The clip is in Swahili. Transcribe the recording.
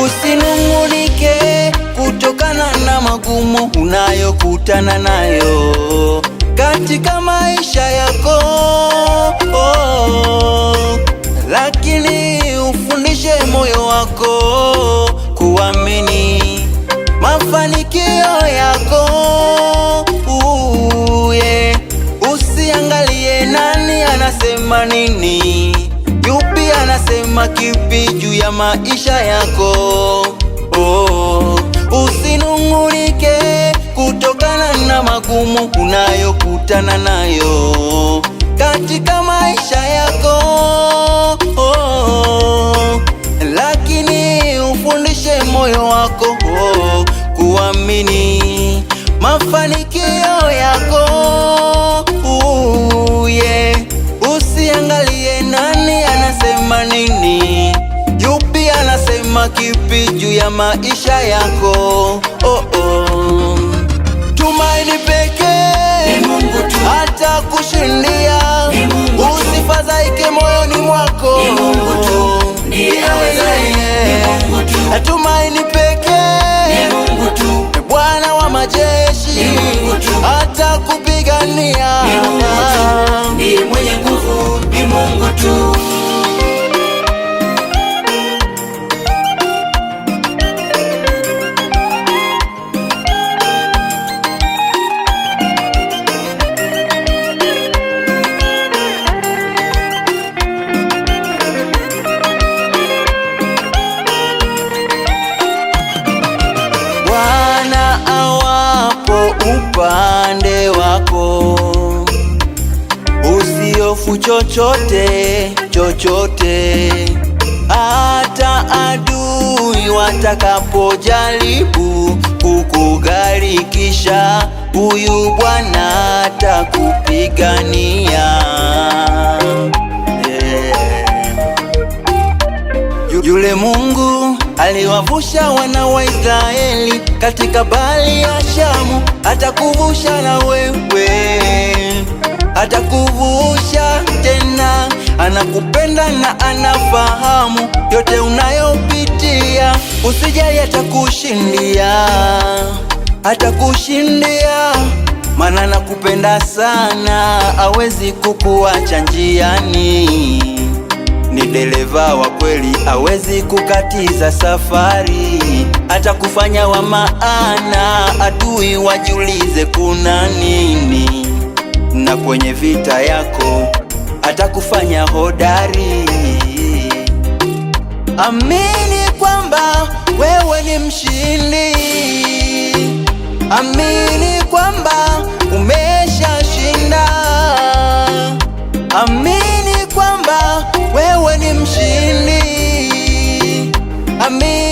usinung'unike kutokana na magumu unayokutana nayo katika maisha yako oh, lakini ufundishe moyo wako kuamini mafanikio yako uye, usiangalie nani anasema nini, yupi anasema kipi ya maisha yako oh. Usinung'unike kutokana na magumu unayokutana nayo katika maisha yako oh. Lakini ufundishe moyo wako oh, kuamini mafanikio yako uh, yeah. Usiangalie nani anasema nini kama kipi juu ya maisha yako? Oh, oh. Tumaini pekee hata kushindia, usifadhaike moyoni mwako hofu chochote chochote, hata adui watakapojaribu kukugharikisha, huyu Bwana atakupigania. Yule Mungu aliwavusha wana wa Israeli katika bahari ya Shamu, atakuvusha na wewe atakuvusha tena, anakupenda na anafahamu yote unayopitia, usijali, atakushindia, atakushindia mana anakupenda sana, awezi kukuacha njiani, ni dereva wa kweli, awezi kukatiza safari, atakufanya wa maana, adui wajulize kuna nini na kwenye vita yako atakufanya hodari. Amini kwamba wewe ni mshindi, amini kwamba umeshashinda, amini kwamba wewe ni mshindi, amini